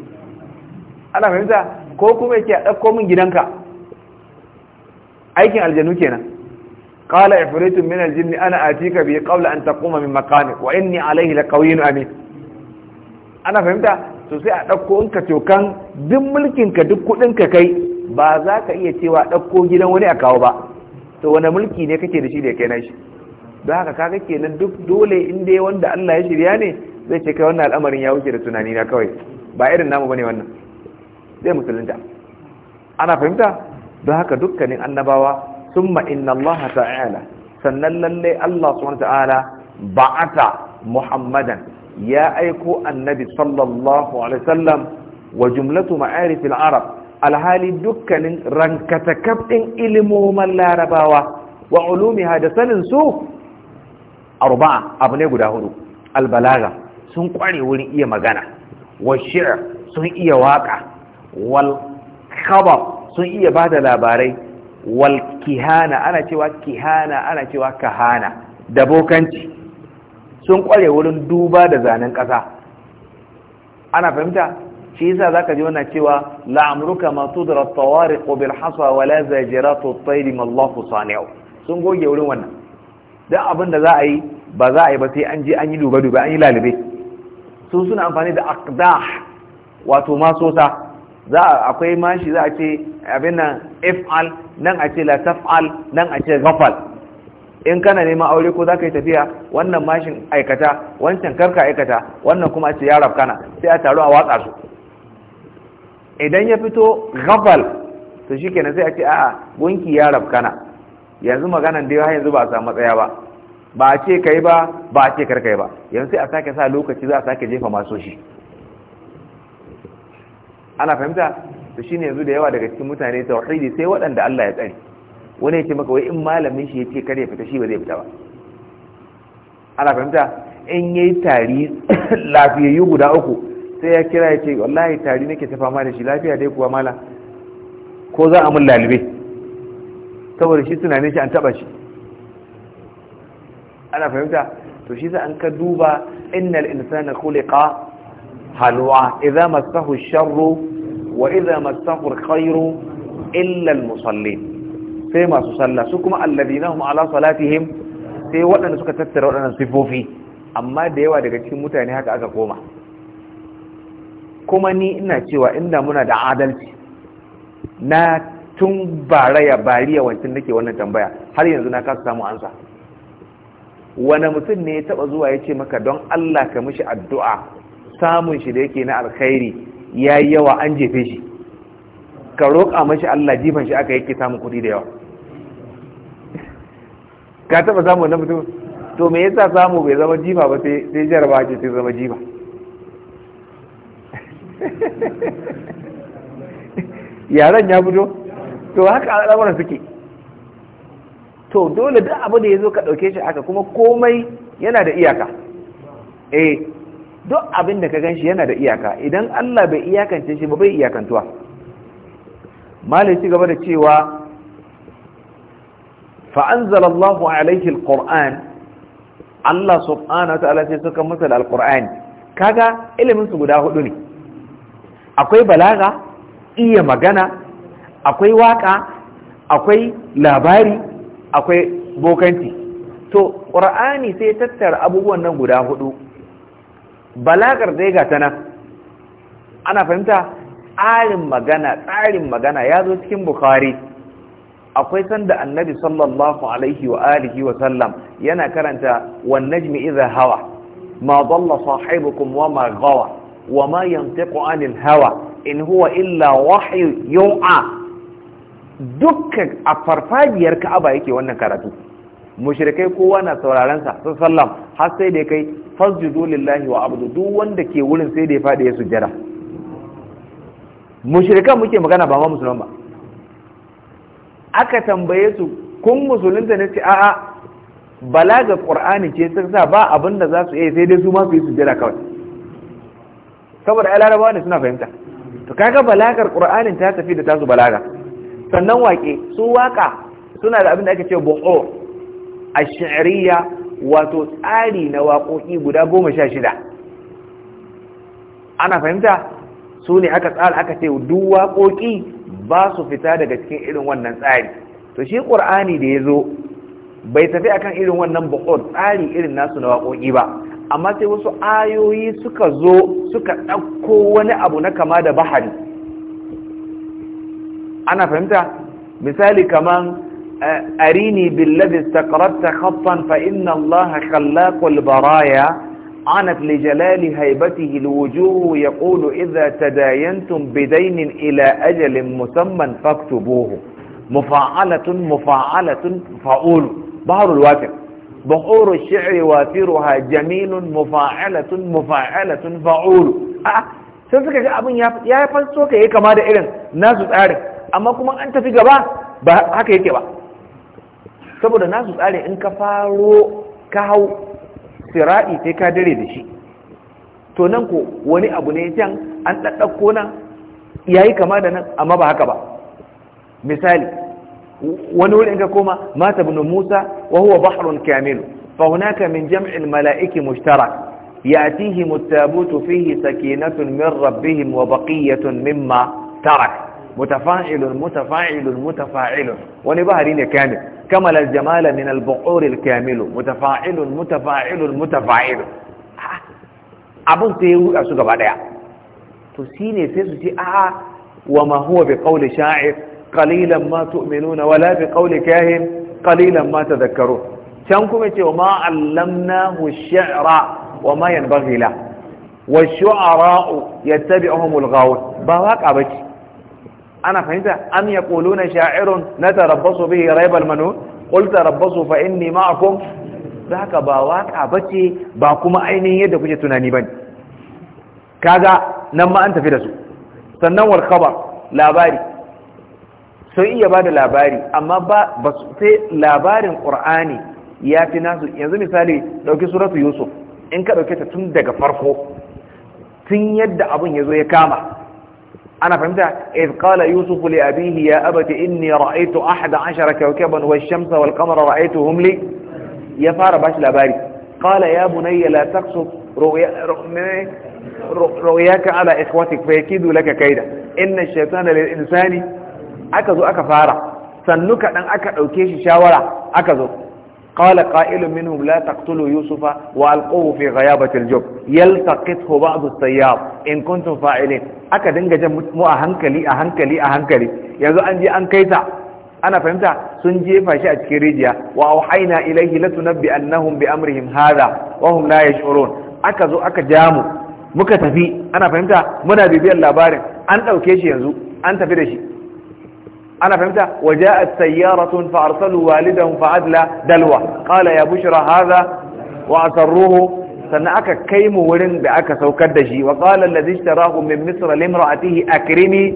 ana fahimta ko kuma yake a ɗauko min gidanka aikin aljanu kenan qala ifritu min aljinn ana atika bi qabla an taquma min makani wa inni alayhi laqawiyun amin ana fahimta to sai a dauko in ka tokan duk mulkin ka duk kudin ka kai ba za ka iya cewa dauko gidan wani a kawo ba to wani mulki ne kake da shi da kai na shi don haka kaga kenan duk dole in dai wanda Allah ya shirya ne zai ce kai wannan al'amarin ya wuce da tunani na kawai ba irin namu bane wannan zai musulunta ana fahimta don haka dukkanin annabawa sun inna Allah ta'ala sannan lalle Allah subhanahu ta'ala ba'ata Muhammadan ya aiko annabi sallallahu alaihi sallam. wa jumlatu ma'arifin arab alhali dukkanin rankatakab din ilimoman larabawa wa ulumiha da sanin su arba'a abu ne guda hudu albalaga sun kware wurin iya magana wa shi'r sun iya waka wal khabar sun iya ba da labarai wal kihana ana cewa kihana ana cewa kahana da bokanci sun kware wurin duba da zanen ƙasa ana fahimta shi yasa zaka ji wannan cewa la'amruka ma tudra at-tawariq bil hasa wa la zajiratu at-tayr ma Allahu sani'u sun goge wurin wannan dan abin da za a yi ba za a yi ba sai an je an yi duba duba an yi lalube su suna amfani da aqdah wato masosa za akwai mashi za a ce abin nan if'al nan a ce la taf'al nan a ce ghafal in kana neman aure ko za ka yi tafiya wannan mashin aikata wancan karka aikata wannan kuma a ce ya rafkana sai a taru a watsa su idan ya fito ghafal to shi kenan sai a ce a'a gunki ya rafkana yanzu maganan da yanzu ba a samu matsaya ba ba a ce kai ba ba a ce karkai ba yanzu sai a sake sa lokaci za a sake jefa masoshi shi ana fahimta to shine yanzu da yawa daga cikin mutane tauhidi sai waɗanda Allah ya tsare wani yake maka wai in malamin shi yake kare fita shi ba zai fita ba ana fahimta in yayi tari lafiyayyu guda uku sai ya kira ce wallahi tari nake ta fama da shi lafiya dai kuwa mala ko za a mun lalube saboda shi tunanin shi an taba shi ana fahimta to shi sa an ka duba innal insana khuliqa halwa idza masahu sharru wa idza masahu alkhairu illa almusallin sai masu sallah su kuma alladhina hum ala salatihim sai waɗanda suka tattara waɗannan sifofi amma da yawa daga cikin mutane haka aka koma kuma ni ina cewa inda muna da adalci na tun baraya bariya wancan nake wannan tambaya har yanzu na kasa samu ansa wani mutum ne ya taba zuwa ya ce maka don Allah ka mishi addu'a samun shi da yake na alkhairi ya yi yawa an jefe shi ka roƙa mashi Allah jifan shi aka yake samun kuɗi da yawa ka taɓa samun na mutum to me yasa samu bai zama jifa ba sai jaraba ce sai zama jifa yaran ya fito to haka al'amuran suke to dole duk abu da ya zo ka ɗauke shi haka kuma komai yana da iyaka eh duk abin da ka gan shi yana da iyaka idan Allah bai iyakance shi ba bai iyakantuwa malai ci gaba da cewa fa'anzala Allahu alaihi alquran Allah subhanahu ta'ala sai suka masa alquran Ka kaga ilimin su guda hudu ne akwai balaga iya magana akwai waka akwai labari akwai bokanti. to qur'ani sai tattara abubuwan nan guda hudu balagar dai ga ta ana fahimta tsarin magana tsarin magana ya zo cikin bukhari akwai sanda annabi sallallahu alaihi wa alihi wa sallam yana karanta wan najmi idha hawa ma dalla sahibukum wa ma gawa wa ma yantiqu anil hawa in huwa illa wahyu yu'a dukkan a farfajiyar ka'aba yake wannan karatu mushrikai kowa na sauraron sa sallam har sai da kai fasjudu lillahi wa abdu duk wanda ke wurin sai da ya fada ya sujjada mushrikan muke magana ba ma musulman ba aka tambaye su kun musulunta ne ce a'a balaga qur'ani ce sun sa ba abin da za su yi sai dai su ma su yi sujjada kawai saboda ai larabawa ne suna fahimta to kaga balagar qur'ani ta tafi da tasu balaga sannan waƙe su waka suna da abin da ake ce bu'o ash'ariyya wato tsari na waƙoƙi guda goma sha shida ana fahimta su ne aka tsara aka ce duk waƙoƙi ba su fita daga cikin irin wannan tsari to shi ƙur'ani da ya zo bai tafi akan irin wannan bukhor tsari irin nasu na waƙoƙi ba amma sai wasu ayoyi suka zo suka ɗauko wani abu na kama da bahari ana fahimta misali kaman أريني بالذي استقربت خطا فإن الله خلاق البرايا عنت لجلال هيبته الوجوه يقول إذا تداينتم بدين إلى أجل مسمى فاكتبوه مفعلة مفعلة فعول بحر الواتر بحور الشعر واثرها جميل مفاعلة مفاعلة فعول أه sai suka ga abin ya fanso ka yi kama da irin nasu tsarin amma kuma an tafi gaba ba haka yake ba saboda nasu tsari in ka faro ka hau sira'i sai ka dare da shi to nan ko wani abu ne can an ɗaɗɗako nan yayi kama da nan amma ba haka ba misali wani wurin ka koma mata bin musa wa huwa bahrun kamilu fa hunaka min jam'il mala'iki mushtarak mutabutu fihi فيه min rabbihim wa وبقية mimma ترك mutafa'ilun mutafa'ilun mutafa'ilun wani bahari ne kamil kamala al-jamala min al kamilu al-kamil mutafa'ilun mutafa'ilun mutafa'ilun ah, abun sai ya ruda su gaba daya to shine sai su ce a wa huwa bi qawli sha'ir qalilan ma tu'minuna wala bi qawli kahin qalilan ma can kuma ce ma allamnahu wa ma والشعراء يتبعهم الغاوون ba waka bace ana fahimta am yaquluna sha'irun natarabbasu bihi raibal manun qul tarabbasu fa inni ma'akum haka ba waka bace ba kuma ainihin yadda kuke tunani bane kaga nan ma an tafi da su sannan wal khabar labari sun iya bada labari amma ba ba sai labarin qur'ani ya fi nasu yanzu misali dauki suratu yusuf in ka dauke ta tun daga farko tun yadda abun yazo ya kama أنا فهمتها إذ قال يوسف لأبيه يا أبت إني رأيت أحد عشر كوكبا والشمس والقمر رأيتهم لي يا فار باش لاباري قال يا بني لا تقصف رؤياك على إخوتك فيكيدوا لك كيدا إن الشيطان للإنسان أكذو أكفارا sannuka dan aka dauke shi قال قائل منهم لا تقتلوا يوسف والقوه في غيابه الجب يلتقطه بعض السياب ان كنتم فاعلين aka dinga jan mu a hankali a hankali a hankali yanzu an je an kaita ana fahimta sun jefa shi a cikin rijiya wa auhayna ilayhi latunabbi annahum bi amrihim hadha wa hum la yash'urun aka zo aka mu, muka tafi ana fahimta muna bibiyar labarin an dauke shi yanzu an tafi da shi أنا فهمتها وجاءت سيارة فأرسلوا والدهم فعدل دلوة قال يا بشرى هذا وأسروه سنأك كيم ورن بأك سوكدجي وقال الذي اشتراه من مصر لامرأته أكرمي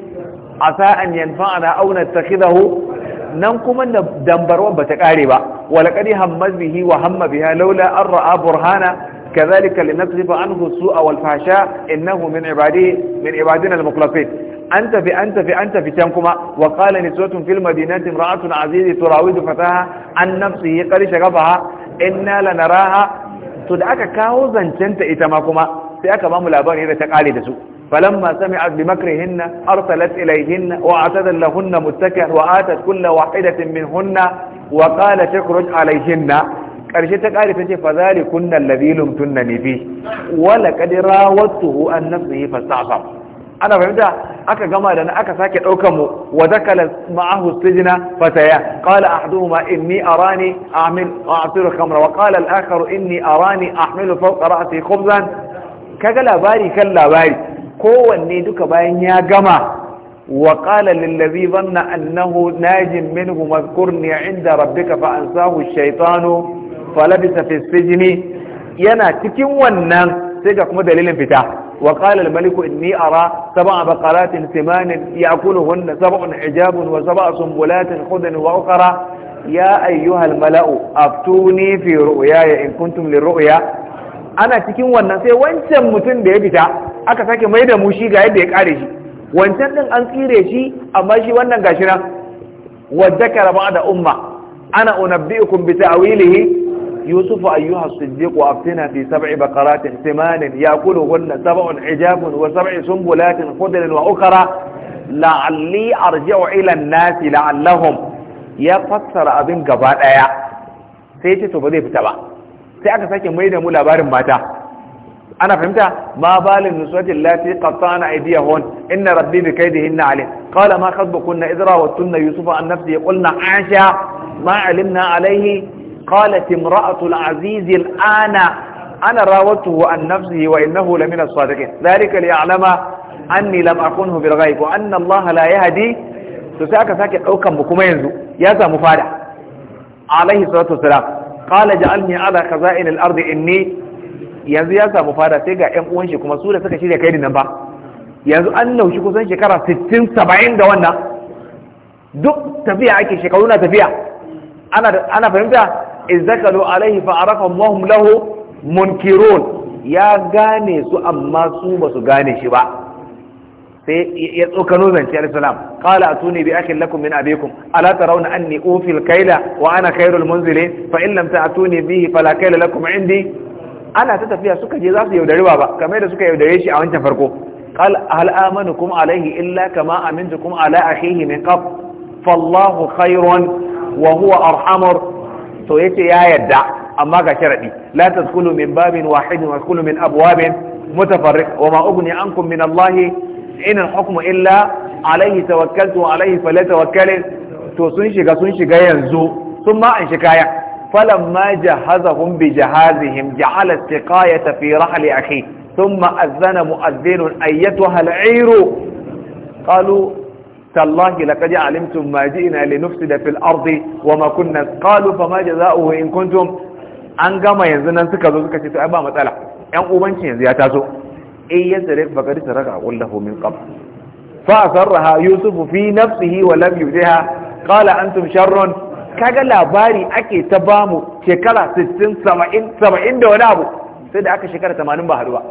عسى أن ينفعنا أو نتخذه ننكم أن دنبروان بتكاربا ولقد همز به وهم بها لولا أن رأى برهانا كذلك لنقذف عنه السوء والفحشاء إنه من عباده من عبادنا المخلصين an tafi an tafi an tafi can kuma wa qala niswatun fil madinati imra'atun azizi turawidu fataha an nafsihi qad Shagabaha, inna lanaraha to da aka kawo zancenta ita ma kuma sai aka bamu labarin da ta kare da su فلما سمعت بمكرهن أرسلت إليهن وأعتدت لهن متكئا وآتت كل واحدة منهن وقالت اخرج عليهن ƙarshe ta ƙari ta ce fa zalikunna alladhi lumtunni fi wa laqad rawatuhu an nafsihi fastasam ana fahimta aka gama da na aka sake ɗaukan mu wa dakala ma'ahu sijna fataya qala ahduhuma inni arani a'mil a'tiru khamra wa qala al-akharu inni arani ahmilu fawqa ra'si khubzan kaga labari kan labari kowanne duka bayan ya gama وقال للذي ظن أنه ناج inda مذكرني عند ربك فأنساه الشيطان فلبس في السجن ينا تكون ونن سيجا kuma dalilin fita. wa qala al-maliku inni ara sab'a baqaratin siman ya'kuluhunna sab'un ijabun wa sab'a sumbulatin khudrin wa ukhra ya ayyuhal mala'u aftuni fi ru'yaya in kuntum ana cikin wannan sai wancan mutum da ya fita aka sake mai da mu shi ga yadda ya kare shi wancan din an tsire shi amma shi wannan gashi nan wadda karama da umma ana unabbi'ukum bi ta'wilihi يوسف أيها الصديق أفتنا في سبع بقرات ثمان يأكلهن سبع عجاب وسبع سنبلات خضر وأخرى لعلي أرجع إلى الناس لعلهم يفسر أبن قبات آية سيتي تبدي بتبع سيأك ساكي ميدا مولا بارم باتا أنا فهمتها ما بال النسوة التي قطعنا أيديهن إن ربي بكيدهن عليه قال ما خطبكن إذ راوتن يوسف عن نفسه قلنا عاشا ما علمنا عليه قالت امرأة العزيز الآن أنا راودته عن نفسه وإنه لمن الصادقين ذلك ليعلم أني لم أكنه بالغيب وأن الله لا يهدي تساك ساك أوكم بكم ينزو يا مفادع عليه الصلاة والسلام قال جعلني على خزائن الأرض إني yanzu ya samu fada sai ga 'yan uwan shi kuma su da suka shirya kai nan ba yanzu an naushi kusan shekara 60 70 da wannan duk tafiya ake shekaru na tafiya ana fahimta izdakalu alaihi fa arafahum wa hum lahu munkirun ya gane su amma su ba su gane shi ba sai ya tsokano zance alisalam qala atuni bi akhin lakum min abikum ala tarawna anni ufil kaila wa ana khairul munzilin fa in lam ta'tuni bihi fala kaila lakum indi ana ta tafiya suka je za su yaudari baba kamar da suka yaudare shi a wancan farko qala hal amanukum alaihi illa kama amintukum ala akhihi min qab fallahu khairun wa huwa arhamur to yace ya yadda amma ga sharadi la tadkhulu min babin wahidin wa tadkhulu min abwabin mutafarriq wa ma ughni ankum min Allah in al-hukmu illa alayhi tawakkaltu wa alayhi falyatawakkal to sun shiga sun shiga yanzu sun ma an shi kaya فلما جهزهم بجهازهم جعل السقاية في رحل أخيه ثم أذن مؤذن أيتها العير qalu تالله لقد علمتم ما جئنا لنفسد في الأرض وما كنا قالوا فما جزاؤه إن كنتم an gama yanzu nan suka zo suka ce to ai ba matsala yan ubanci yanzu ya taso in ya sare ba kadi saraka qullahu min qabl fa asarraha yusuf fi nafsihi wa lam yubdiha qala antum sharrun kaga labari ake ta bamu shekara 60 70 70 da wani abu sai da aka shekara 80 ba haruwa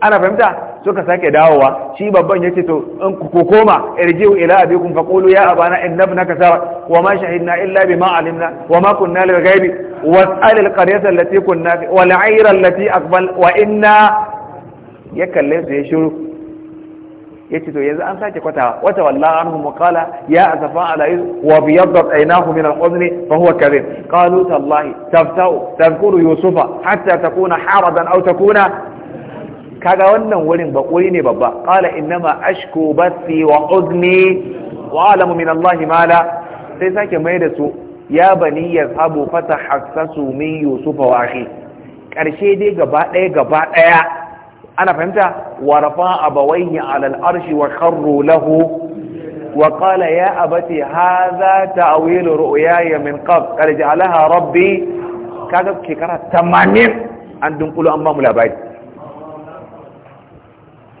ana fahimta suka sake dawowa shi babban yace to in ku koma irjiu ila abikum faqulu ya abana inna ibnaka sara wa ma shahidna illa bima alimna wa ma kunna lil ghaibi was'al al qaryata allati kunna wal 'ayra allati aqbal wa inna ya kalle su ya shiru yace to yanzu an sake kwatawa wata wallahi anhum qala ya azafa ala iz wa biyaddat aynahu min al-huzn fa huwa kadhib qalu tallahi taftau tadhkuru yusufa hatta takuna haradan aw takuna kaga wannan wurin bakuri ne babba qala innama ashku bathi wa udni wa alamu min allahi ma la sai sake mai da su ya bani yazhabu fatahassasu min yusufa wa akhi karshe dai gaba daya gaba daya ana fahimta wa rafa abawayhi ala al-arshi wa kharru lahu wa qala ya abati hadha ta'wil ru'yaya min qabl qala ja'alaha rabbi kaga shekara 80 an dunkulo an ba mu labari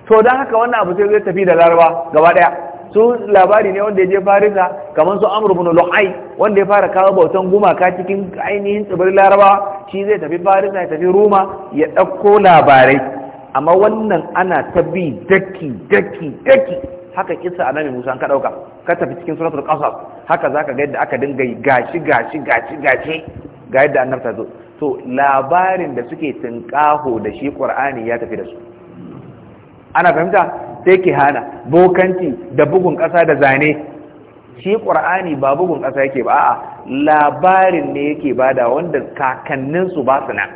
to don haka wannan abu sai zai tafi da laraba gaba daya su labari ne wanda ya je farisa kamar su amur bin lu'ai wanda ya fara kawo bautan gumaka cikin ainihin tsibirin laraba shi zai tafi farisa ya tafi roma ya ɗauko labarai amma wannan ana ta bi daki daki daki haka kisa a nami musa ka ɗauka ka tafi cikin suratul qasas haka zaka ga yadda aka dinga gashi gashi gashi gashi ga yadda annabta zo to labarin da suke tinkaho da shi qur'ani ya tafi da su ana fahimta sai hana, bokanci da bugun ƙasa da zane shi ƙur'ani ba bugun ƙasa yake ba a'a labarin ne yake bada wanda kakanninsu ba su nan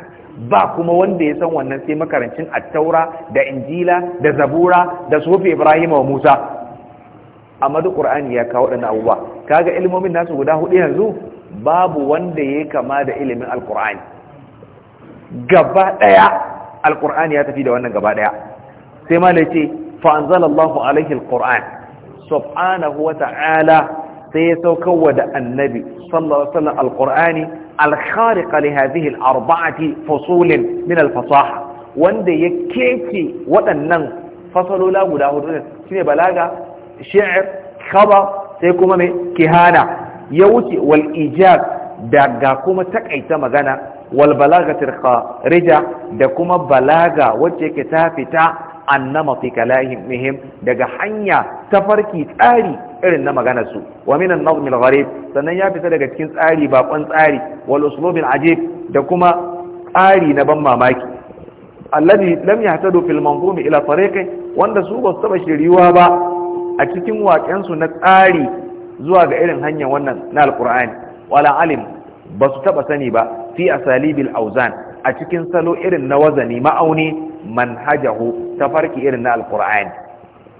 ba kuma wanda ya san wannan sai makarancin attaura da injila da zabura da sufi ibrahim wa musa amma duk ƙur'ani ya kawo ɗan abubuwa kaga ilimomin nasu guda hudu yanzu babu wanda ya kama da ilimin alƙur'ani gaba ɗaya alƙur'ani ya tafi da wannan gaba ɗaya sai ma ne ce fa'anzalallahu alaihi alquran subhanahu wa ta'ala sai ya saukar wa da annabi sallallahu alaihi wasallam alqurani alkhariqa li hadhihi alarba'ati min alfasaha wanda ya keke waɗannan fasalola guda hudu ne balaga shi'r khaba sai kuma me kihana ya wuce wal ijab daga kuma takaita magana wal balagatul kharija da kuma balaga wacce yake ta fita annama fi kalamihim daga hanya ta farki tsari irin na maganar su wa minan nazm gharib sannan ya fita daga cikin tsari bakon tsari wal uslub ajib da kuma tsari na ban mamaki alladhi lam yahtadu fil manzum ila tariqi wanda su ba su taba shiriwa ba a cikin waƙen su na tsari zuwa ga irin hanyar wannan na alkur'ani wala alim ba su taba sani ba fi asalibil auzan a cikin salo irin na wazani ma'auni manhajahu farki irin na alqur'ani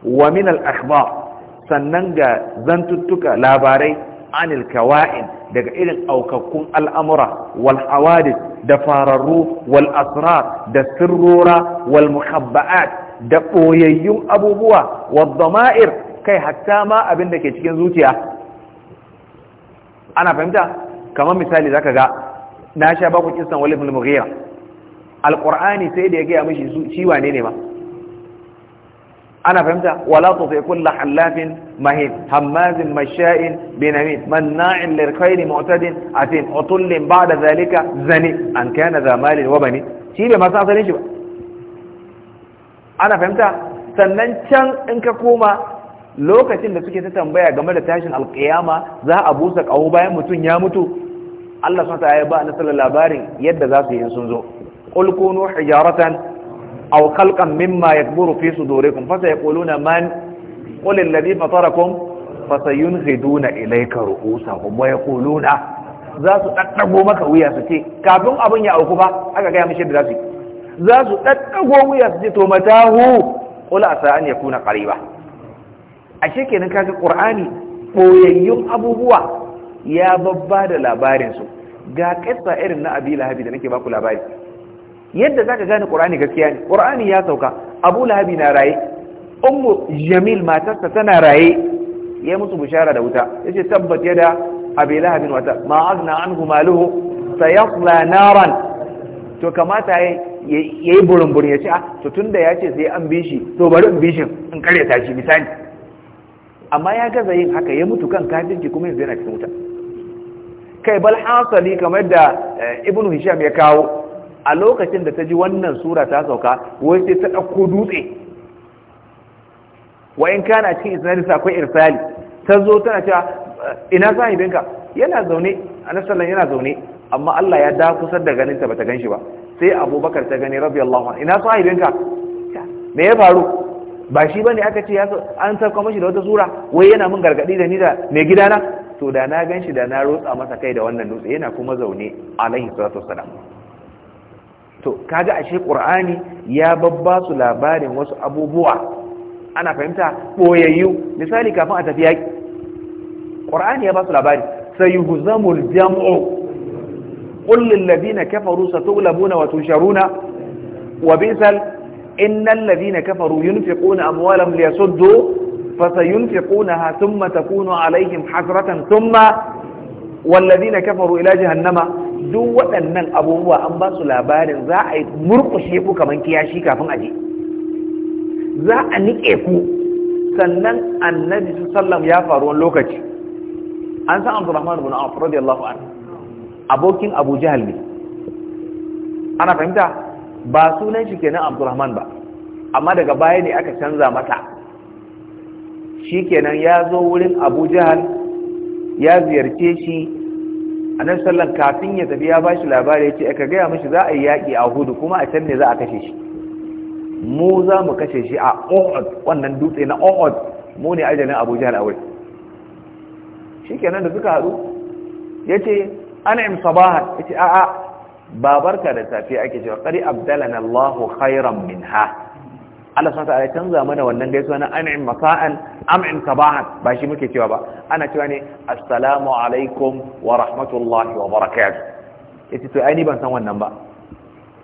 wa min al sannan ga zantuttuka labarai anil kawa'in daga irin aukakkun al'amura wal hawadis da fararru wal asrar da sirrora wal muhabba'at da ɓoyayyun abubuwa wa zama'ir kai hatta ma abin da ke cikin zuciya ana fahimta kamar misali zaka ga na sha baku kisan walid bin mughira Alƙur'ani sai da ya gaya mishi shi wane ne ma ana fahimta wala tuti kullu halafin mahin hammazin masha'in binamin manna'in lil khairi mu'tadin atin utullin ba'da zalika zani an kana za malin wa bani shi bai masa asalin shi ba ana fahimta sannan can in ka koma lokacin da suke ta tambaya game da tashin alƙiyama za a busa kawo bayan mutum ya mutu Allah sun ta ya ba na sallar labarin yadda za su yi sun zo qul kunu hijaratan aw khalqan mimma yakburu fi sudurikum fasayaquluna man qul alladhi fatarakum fasayunghiduna ilayka ru'usahum wa za su ɗaɗɗago maka wuya su ce kafin abin ya auku ba aka gaya mishi da zasu za su ɗaɗɗago wuya su ce to matahu qul asa an yakuna qariba ashe kenan kaga qur'ani boyayyun abubuwa ya babba da labarinsu. ga ƙasa irin na abi lahabi da nake baku labari yadda zaka gane qur'ani gaskiya ne qur'ani ya sauka abu lahabi na raye ummu jamil matarsa tana raye ya musu bishara da wuta yace tabbat da abi lahabin wata ma agna anhu maluhu sayasla naran to kamata yayi burumbur yace ah to tunda yace sai an bi shi to bari in bi shi in kare shi misali amma ya gaza yin haka ya mutu kan kafirci kuma yanzu yana cikin wuta kai bal hasali kamar da eh, ibnu hisham ya kawo a lokacin da ta ji wannan sura ta sauka wai sai ta ɗauko dutse wa in kana cikin isnadisa akwai irsali ta zo tana cewa ina sahibinka yana zaune anasallan yana zaune amma Allah ya da kusar da ganin ta bata ganshi ba sai abubakar ta gani rabbi Allah. ina sahibinka me ya faru ba shi bane aka ce ya an sauka mishi da wata sura wai yana mun gargadi da ni da me gidana to da na ganshi da na rotsa masa kai da wannan dutse yana kuma zaune alaihi salatu wassalam to kaga ashe qur'ani ya babba su labarin wasu abubuwa ana fahimta boyayyu misali kafin a tafi yaki qur'ani ya ba su labari sayuhzamul jam'u qul lil ladina kafaru satughlabuna wa tusharuna wa bisal innal ladina kafaru yunfiquna amwalam liyasuddu فسينفقونها ثم تكون عليهم حسرة ثم والذين كفروا إلى جهنم duk waɗannan abubuwa an ba su labarin za a yi murƙushe ku kamar kiyashi kafin aje za a niƙe ku sannan annabi su sallam ya faru wani lokaci an san abdurrahman ibn auf radiyallahu anhu abokin abu ne ana fahimta ba sunan shi kenan abdurrahman ba amma daga baya ne aka canza masa shikenan ya zo wurin abu jahal ya ziyarce shi annabi sallan kafin ya tafi ya bashi labari ce aka gaya mashi za a yi yaki a hudu kuma a can ne za a kashe shi mu za mu kashe shi a Uhud wannan dutse na Uhud mu ne ajalin Abu aure. awai shikenan da suka haɗu yace ana im sabaha yace a'a babarka da safiya ake cewa qari abdalana Allahu khairan ha. Allah sata ya canza mana wannan gaisuwa na an'im masa'an am'im sabahan ba shi muke cewa ba ana cewa ne assalamu alaikum wa rahmatullahi wa barakatuh yace to ai ni ban san wannan ba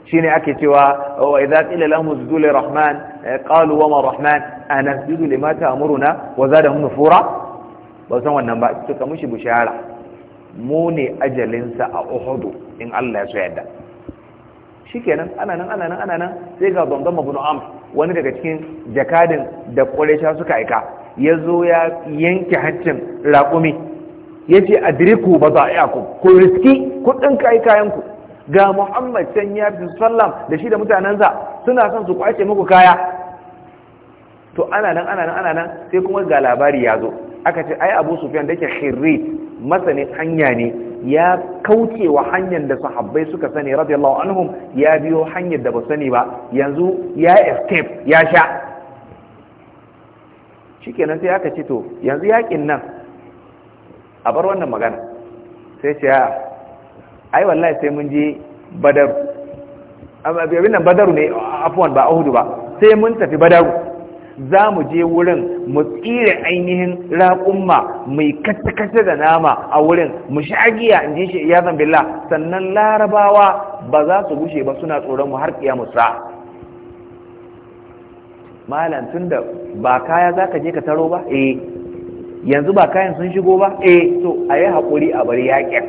shine ake cewa wa idza qila lahum usjudu lirrahman eh, qalu wa ma arrahman anasjudu lima ta'muruna wa zadahum nufura ba san wannan ba to kamushi bushara mu ne ajalinsa a Uhud in Allah ya so yadda shikenan ana nan ana nan ana nan sai ga Bangam ibn Amr wani daga cikin jakadin da ƙwarisha suka aika ya zo ya yanke hancin raƙumi ya ce a diriku ba za a ku ku riski kuɗin kayi kayanku ga muhammad can ya fi sallam da shi da mutanensa suna son su kwace muku kaya to ana nan ana nan ana nan sai kuma ga labari ya zo aka ce ai abu sufiyan da ke hirri masanin hanya ne ya kauce wa hanyar da sahabbai suka sani radiyallahu anhum ya biyo hanyar da ba sani ba yanzu ya escape ya sha shikenan sai aka ce to yanzu yakin nan a bar wannan magana sai ce ai wallahi sai mun je badar abin nan badaru ne afwan ba ahudu ba sai mun tafi badaru za mu je wurin mu tsire ainihin raƙumma mai kace-kace da nama a wurin mu shagiya in ji shi iyazan billah sannan larabawa ba za su gushe ba suna tsoron mu har ƙiya musa? malam da ba kaya za ka je ka taro ba eh yanzu ba kayan sun shigo ba eh to a yi haƙuri a bari yaƙin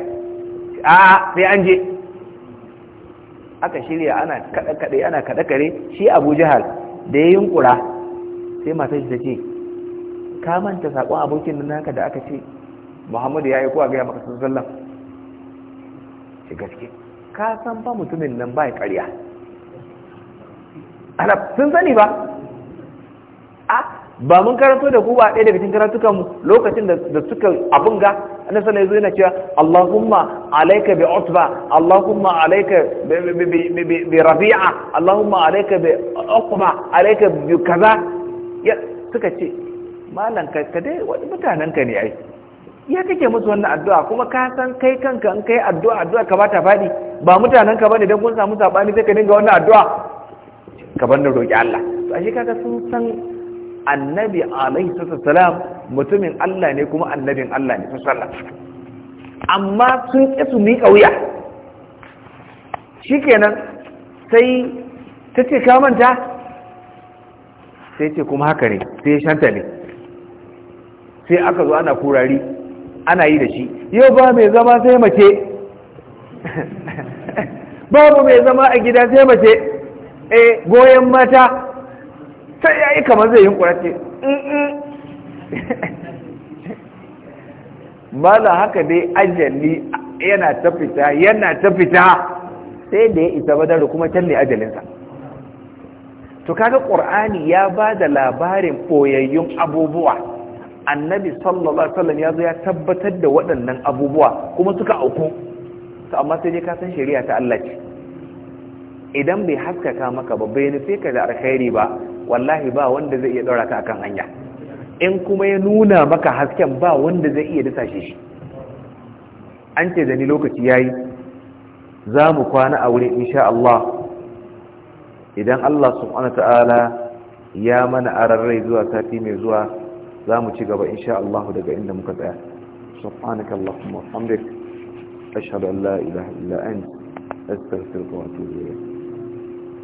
a sai an je aka shirya ana kaɗe-kaɗe ana kaɗe shi abu jihar da ya yunkura sai matar da ta ce ka manta saƙon abokin nan naka da aka ce muhammadu ya yi kuwa gaya maka sun sallam shi gaske ka san ba mutumin nan ba ya ƙarya ana sun sani ba a ba mun karanto da ku ba ɗaya daga cikin karatukanmu lokacin da suka abin ga na sanar zuwa yana cewa Allahumma alaika bi utba Allahumma alaika bi rabi'a Allahumma alaika bi uqba alaika bi kaza ya suka ce malam ka dai wani mutanenka ne ai ya kake musu wannan addu'a kuma ka san kai kanka an kai addu'a addu'a ka bata faɗi ba mutanenka bane dan kun samu sabani sai ka dinga wannan addu'a ka bar da roki Allah to ashe kaga sun san annabi alaihi salam mutumin Allah ne kuma annabin Allah ne sallallahu amma sun ƙi su miƙa wuya shikenan sai ta ce ka manta sai ce kuma haka ne sai ya shanta ne sai aka zo ana kurari ana yi da shi yau ba mai zama sai mace babu mai zama a gida sai mace eh goyon mata sai ya yi kamar zai yi kurace mala haka dai ajali yana ta fita yana ta fita sai da ya isa badar kuma canne ajalinsa to kaga qur'ani ya bada labarin boyayyun abubuwa annabi sallallahu alaihi wasallam ya zo ya tabbatar da waɗannan abubuwa kuma suka auku to amma sai dai ka san shari'a ta Allah ce idan bai haskaka maka ba bai nufe ka da alkhairi ba wallahi ba wanda zai iya daura ka akan hanya in kuma ya nuna maka hasken ba wanda zai iya dasa shi an ce da ni lokaci yayi za mu kwana a wuri insha Allah idan Allah subhanahu ta'ala ya mana ararrai zuwa sati mai zuwa za mu ci gaba insha Allah daga inda muka tsaya subhanaka allahumma wa ashhadu an la ilaha illa anta astaghfiruka wa atubu ilayk